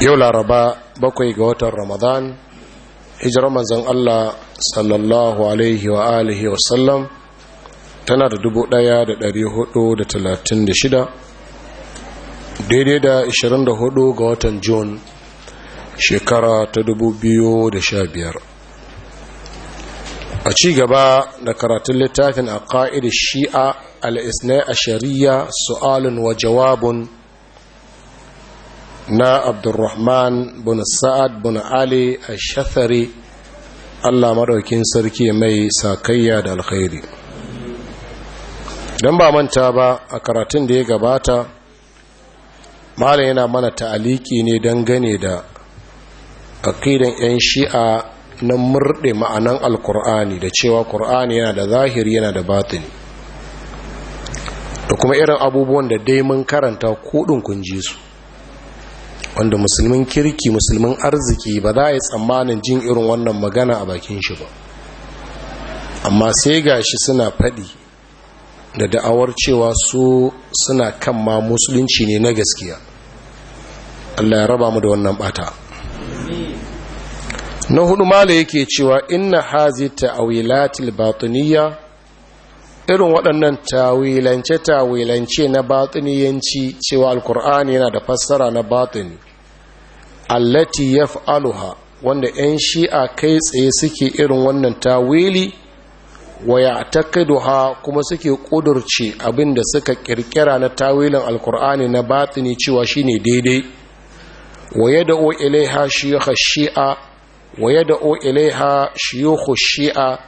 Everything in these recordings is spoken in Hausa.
yau laraba bakwai ga watan ramadan hijira manzan allah sallallahu alaihi wa alihi wasallam tana da talatin da shida, daidai da 24 ga watan june shekara ta 2015 a ci gaba da karatun littafin a ƙa'idar shi'a al'isna a shari'a su'alun wa jawabun na abdurrahman bin sa'ad bin ali a shafari allah maɗaukin sarki mai sakayya da alkhairi don ba manta ba a karatun da ya gabata malam yana mana ta'aliki ne don gane da aƙidan 'yan shi'a na murɗe ma'anan alkur'ani da cewa kur'ani yana da zahiri yana da batini da kuma irin abubuwan da dai mun karanta kudin kunji su wanda musulmin kirki musulmin arziki ba za a yi tsammanin jin irin wannan magana a bakin shi ba amma sai gashi suna faɗi da da'awar cewa su suna kan ma musulunci ne na gaskiya Allah ya raba mu da wannan bata na hudu mala yake cewa inna hazi ta'awilatil batiniya irin waɗannan tawilance tawilance na batiniyanci cewa alkur'ani yana da fassara na batini allati aluha, wanda 'yan shi'a kai tsaye suke irin wannan tawili wa ya'taqiduha kuma suke kudurce abinda suka ƙirƙira na tawilin alkur'ani na batini cewa shine daidai wa yad'u ilaiha shiyukha shi'a wa o ilaiha shuyukhu shi'a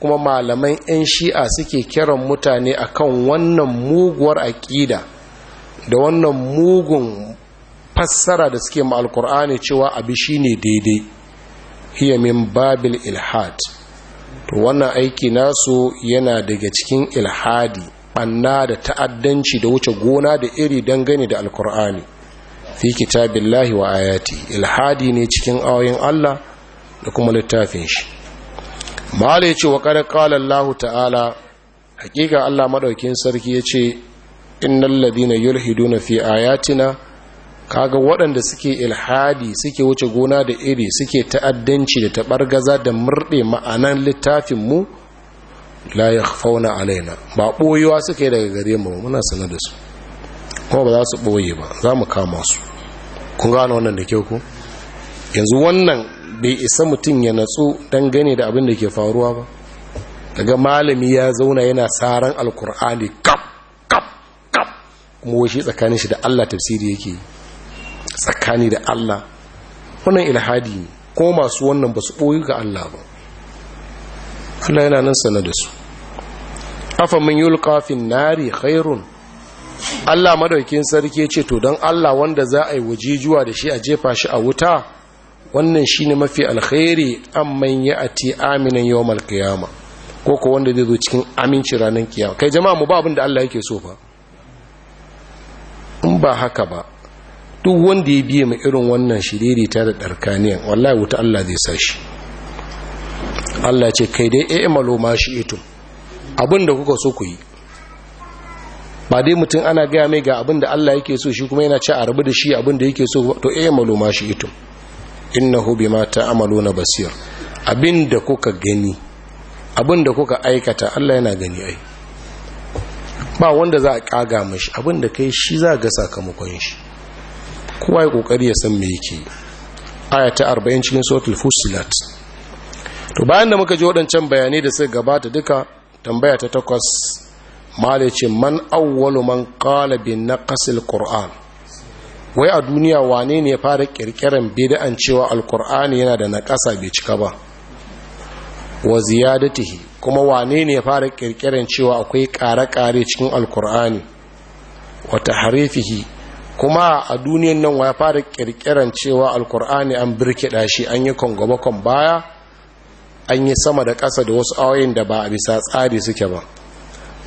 kuma malaman 'yan shi'a suke kiran mutane akan wannan muguwar aƙida da wannan mugun fassara da suke ma alkur'ani cewa abi ne daidai hiya min babil ilhad to wannan aiki nasu yana daga cikin ilhadi banna da ta'addanci da wuce gona da iri dangane da alkur'ani fi kitabillahi wa ayati ilhadi ne cikin ayoyin Allah da kuma littafin shi mala ya ce wa kada lahu ta'ala hakika allah maɗaukin sarki ya ce innan ladina na fi ayatina kaga waɗanda suke ilhadi suke wuce gona da iri suke ta'addanci da taɓargaza da murɗe ma'anan littafinmu. la ya fauna alaina ba ɓoyewa suke daga gare mu muna sana da su kuma ba za su ɓoye ba za mu kama su kun gano wannan da kyau ku yanzu wannan bai isa mutum ya natsu gane da abin da ke faruwa ba daga malami ya zauna yana saran alkur'ani kap kap kap kuma washe tsakanin shi da Allah tafsiri yake tsakani da Allah wannan ilhadi ne ko masu wannan ba su ɓoyi ga Allah ba Allah yana nan sana da su afa min yul kafin nari khairun Allah madaukin sarki ce to don Allah wanda za a yi waje-juwa da shi a jefa shi a wuta wannan shi ne mafi alkhairi an manya a ti aminan yau malkiyama ko ko wanda zai zo cikin aminci ranar kiyama kai jama'a mu ba abin da Allah yake so fa in ba haka ba duk wanda ya biye mu irin wannan shiriri ta da darkaniyan wallahi wuta Allah zai sa shi Allah ce kai dai eh malo ma shi itum abin da kuka so ku yi ba dai mutum ana gaya mai ga abin da Allah yake so shi kuma yana ci a rabu da shi abin da yake so to eh malo ma shi itum innahu bima ta'maluna basir abinda kuka gani abinda kuka aikata Allah yana gani ai ba wanda za a kaga mishi abinda kai shi za ga sakamakon shi kowa ya kokari ya san me yake aya ta 40 cikin suratul fusilat to bayan da muka ji waɗancan bayanai da suka gabata duka tambaya ta takwas mala ce man awwalu man qala bin naqsil qur'an wai a duniya wane ne ya fara kirkiran bid'an cewa alkur'ani yana da naƙasa bai cika ba wa ziyadatihi kuma wane ne ya fara kirkiran cewa akwai kare-kare cikin alkur'ani wa tahrifihi kuma a duniyan nan ya fara kirkiran cewa alkur'ani an birkida shi an yi kongobakon baya an yi sama da ƙasa da wasu awayin da ba a bisa tsari suke ba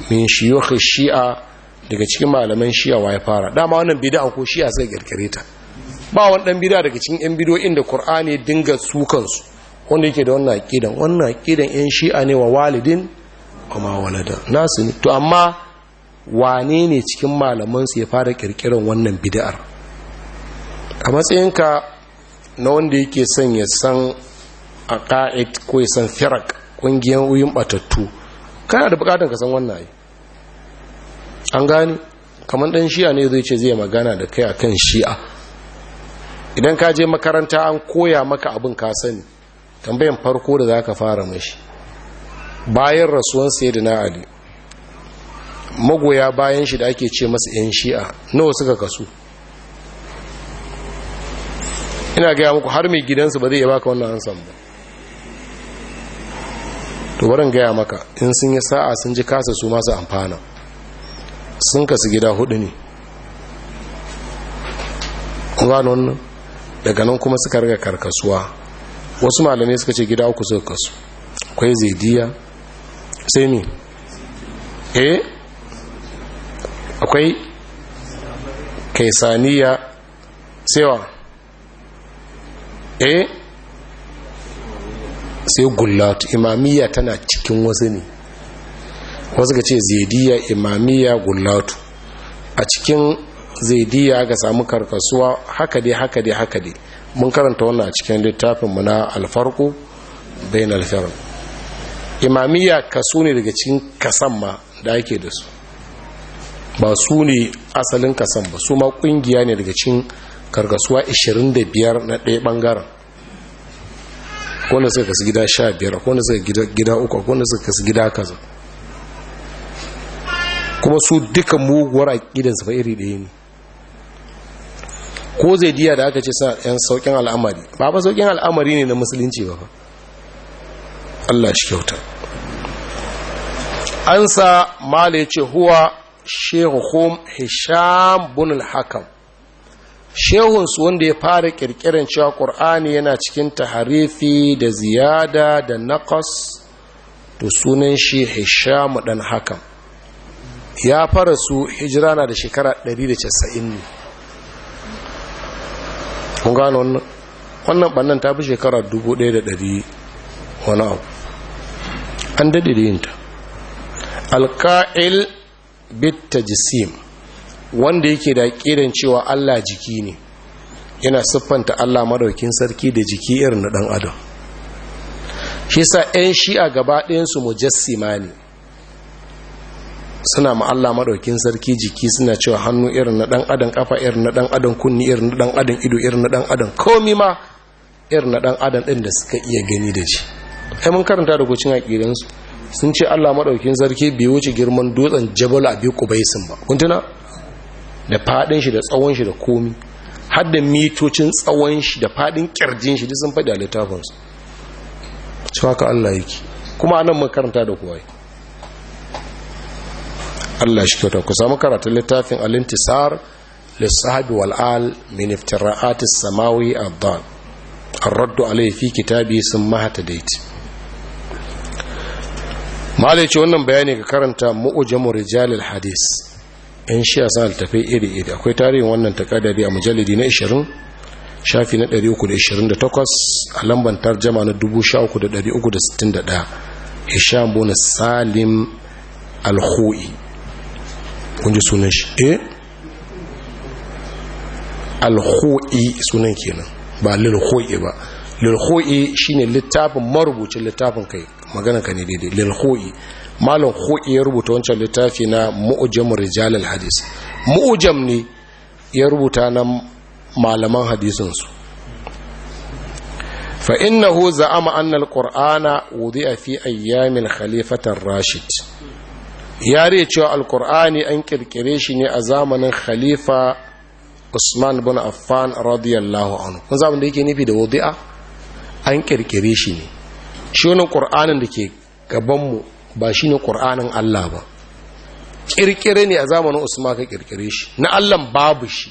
min shiyukhi shi'a daga cikin malaman wa ya fara dama wannan bid'a ko shiya sai kirkire ta ba wani dan bid'a daga cikin yan bid'o'in da Qur'ani dinga sukan su wanda yake da wannan aqidan wannan aqidan yan shi'a ne wa walidin kuma walada nasu ne to amma wane ne cikin malaman su ya fara kirkirar wannan bid'ar a ka na wanda yake son ya san aqaid ko ya san firaq kungiyan uyin batattu kana da bukatun ka san wannan ai an gani kamar ɗan shi'a ne zai ce zai magana da kai akan shi'a idan ka je makaranta an koya maka abin ka sani tambayan farko da za ka fara mashi bayan rasuwan sayyidina ali magoya bayan shi da ake ce masu 'yan shi'a nawa suka kasu ina gaya muku har mai gidansu ba zai iya baka wannan ansan ba to barin gaya maka in sun yi sa'a sun ji kasa su masu amfana sun kasu gida hudu ne wannan daga nan kuma suka riga karkasuwa wasu malamai suka ce gida uku suka kasu akwai zaidiya sai mi eh akwai kaisaniya sewa eh sai gullatu. imamiyya tana cikin wasu ne wasu ga ce zaidiya imamiya gullatu a cikin zaidiya ga samu karkasuwa haka dai haka dai haka dai mun karanta wannan a cikin littafinmu na alfarko bayan alfarar imamiya kaso ne daga cikin kasan ma da ake da su ba su ne asalin kasan ba su ma kungiya ne daga cikin karkasuwa 25 na ɗaya ɓangaren wanda suka kasu gida 15 wanda suka gida uku wanda suka kasu gida kaza kuma su duka muguwar aƙidansu ba iri ɗaya ne ko zai diya da aka ce sa ɗan sauƙin al'amari ba ba sauƙin al'amari ne na musulunci ba Allah shi kyauta an sa mala ya ce huwa shehuhun hisham bunul hakam shehunsu wanda ya fara ƙirƙirar cewa ƙur'ani yana cikin taharifi da ziyada da naƙas da sunan shi hishamu ɗan hakan ya fara su hijira na da shekara 190 ne kun gano wannan bannan ta fi shekara 1100 wani abu an daɗe da yinta alka'il bitta jisim wanda yake da ƙirin cewa allah jiki ne yana siffanta allah maraukin sarki da jiki irin na ɗan adam shi sa 'yan shi'a gaba ɗayansu mujassima ne suna ma'alla maɗaukin madaukin sarki jiki suna cewa hannu irin na dan adam kafa irin na dan adam kunni irin na dan adam ido irin na dan adam komi ma irin na dan adam din da suka iya gani da shi kai mun karanta da gocin aqidan su sun ce Allah madaukin sarki bai wuce girman dutsen Jabal Abi Qubaisin ba kun tuna da fadin shi da tsawon shi da komi har da mitocin tsawon shi da fadin kirjin shi duk sun faɗi a littafin su cewa ka Allah yake kuma anan mun karanta da kuwa Allah shi kyauta ku samu karatun littafin al-intisar lissahabi wal'al min iftira'ati samawi addan ar-raddu alayhi fi kitabi sun mahata daiti malai ce wannan bayani ga karanta mu'ujamu rijalil hadis in shi a sa littafai iri-iri akwai tarihin wannan takadari a mujalladi na 20 shafi na 328 a lambar tarjama na 13361 hisham bin salim al-hu'i kun ji sunan shi eh alhoi sunan kenan ba lilhoi ba lilhoi shine littafin marubucin littafin kai magana ka ne daidai lilhoi malam hoi ya rubuta wancan littafi na mu'jam rijal alhadis mu'jam ne ya rubuta na malaman hadisin su fa innahu za'ama anna alqur'ana wudi'a fi ayyamin khalifatar rashid ya cewa alkur'ani an kirkire shi ne a zamanin khalifa usman bin affan radiyallahu anhu kun zamanin da yake nufi da wadi'a an kirkire shi ne shi wani ƙur'anin da ke gabanmu ba shi ne ƙur'anin allah ba kirkire ne a zamanin usman ka kirkire shi na allah babu shi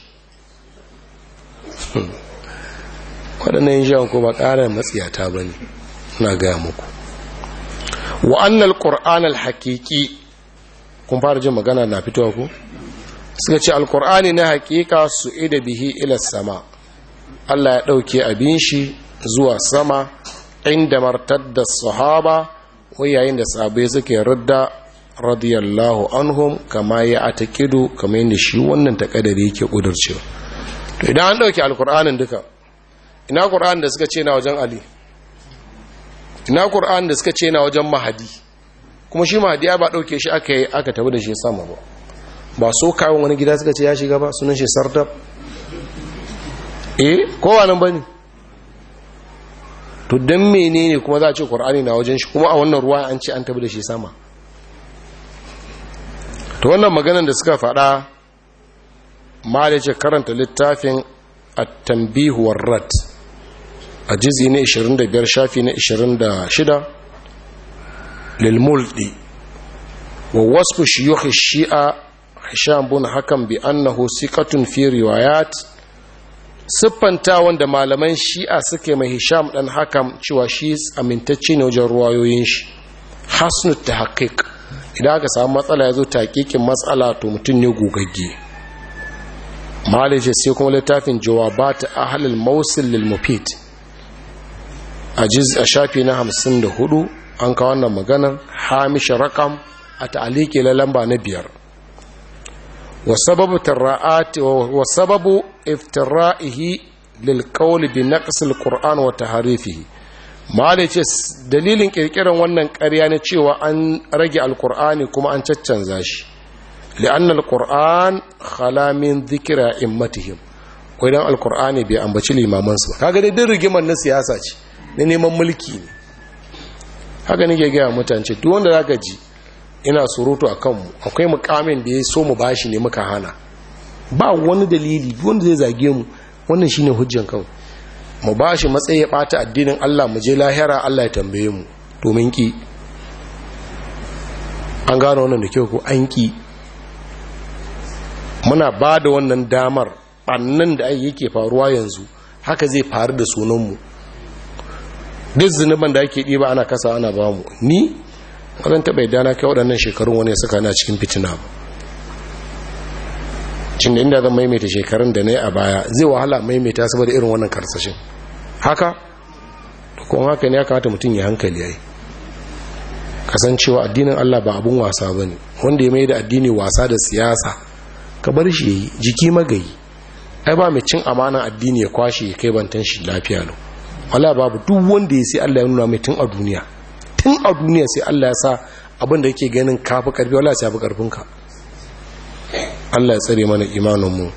hmm. waɗannan yin ko ba ƙara matsiyata ba ne na gaya muku wa'annan ƙur'an al-haƙiƙi kun fara jin magana na fitowa ku suka ce alkur'ani na hakika su ida bihi ila sama Allah ya dauke abin shi zuwa sama inda martar da sahaba yayin da sahabai suke radda radiyallahu anhum kama ya atakidu kama yadda shi wannan takadari yake kudurce to idan an dauke alkur'anin duka ina qur'an da suka ce na wajen ali ina qur'an da suka ce na wajen mahadi kuma shi mahadiya ba ɗauke shi aka yi aka tabi da shi sama ba ba so kawon wani gida suka ce ya shiga ba sunan shi sardar eh nan ba ne to don menene kuma za a ce ƙwar'ani na wajen shi kuma a wannan ruwa an ce an tabi da shi sama to wannan maganan da suka faɗa ma da ce karanta littafin a tambihuwar rat a jizi na 25 shafi na 26 lilmuldi wa wasfu shiyukh shi'a hisham bin hakan bi annahu siqatun fi riwayat siffanta wanda malaman shi'a suke mai hisham dan hakan cewa shi amintacce ne wajen ruwayoyin shi hasnu tahqiq idan aka samu matsala yazo taqiqin matsala to mutun ne gogagge malaje sai kuma littafin jawabat ahlul mawsil lil mufid a jiz a shafi na 54 an kawo wannan maganan hamish rakam a ta'aliki la lamba na biyar wa sababu wa sababu iftira'ihi lil qawli bi naqs qur'an wa taharifihi malai ce dalilin ƙirƙirar wannan ƙarya ne cewa an rage alkur'ani kuma an caccanza shi li'anna alqur'an khala min dhikra immatihim ko idan alqur'ani bai ambaci limamansu kaga dai rigimar na siyasa ce na neman mulki ne haka nake gaya mutane duk wanda zaka ji ina surutu a kanmu akwai mukamin da ya so mu bashi ne muka hana ba wani dalili duk wanda zai zage mu wannan shine hujjan kan mu bashi matsayi ya bata addinin Allah mu je lahira Allah ya tambaye mu domin ki an gano wannan da kyau ko an ki muna ba da wannan damar annan da yake faruwa yanzu haka zai faru da sunanmu duk zunuban da ake ɗiba ana kasa ana ba mu ni wajen taɓa yadda na kai waɗannan shekarun wani suka na cikin fitina cin da inda zan maimaita shekarun da na yi a baya zai wahala maimaita saboda irin wannan karsashin haka da kuma haka ne ya kamata mutum ya hankali ya yi kasancewa addinin allah ba abun wasa ba ne wanda ya mai da addini wasa da siyasa ka bar shi ya yi jiki magayi ai ba mai cin amana addini ya kwashe ya kai bantan shi lafiya lau wala babu duk wanda ya sai Allah ya nuna mai tun a duniya tun a duniya sai Allah ya sa abinda yake ganin kafi karfi wala sai abu karfinka ka Allah ya tsare mana imanin mu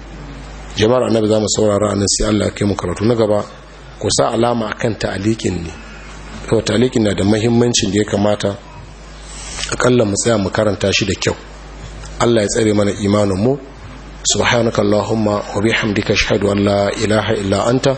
jama'ar annabi zamu saurara anan sai Allah ya kai mu karatu na gaba ku sa alama akan ta'alikin ne to ta'alikin na da muhimmancin da ya kamata akalla mu tsaya mu karanta shi da kyau Allah ya tsare mana imanin mu subhanakallahumma wa bihamdika ashhadu an la ilaha illa anta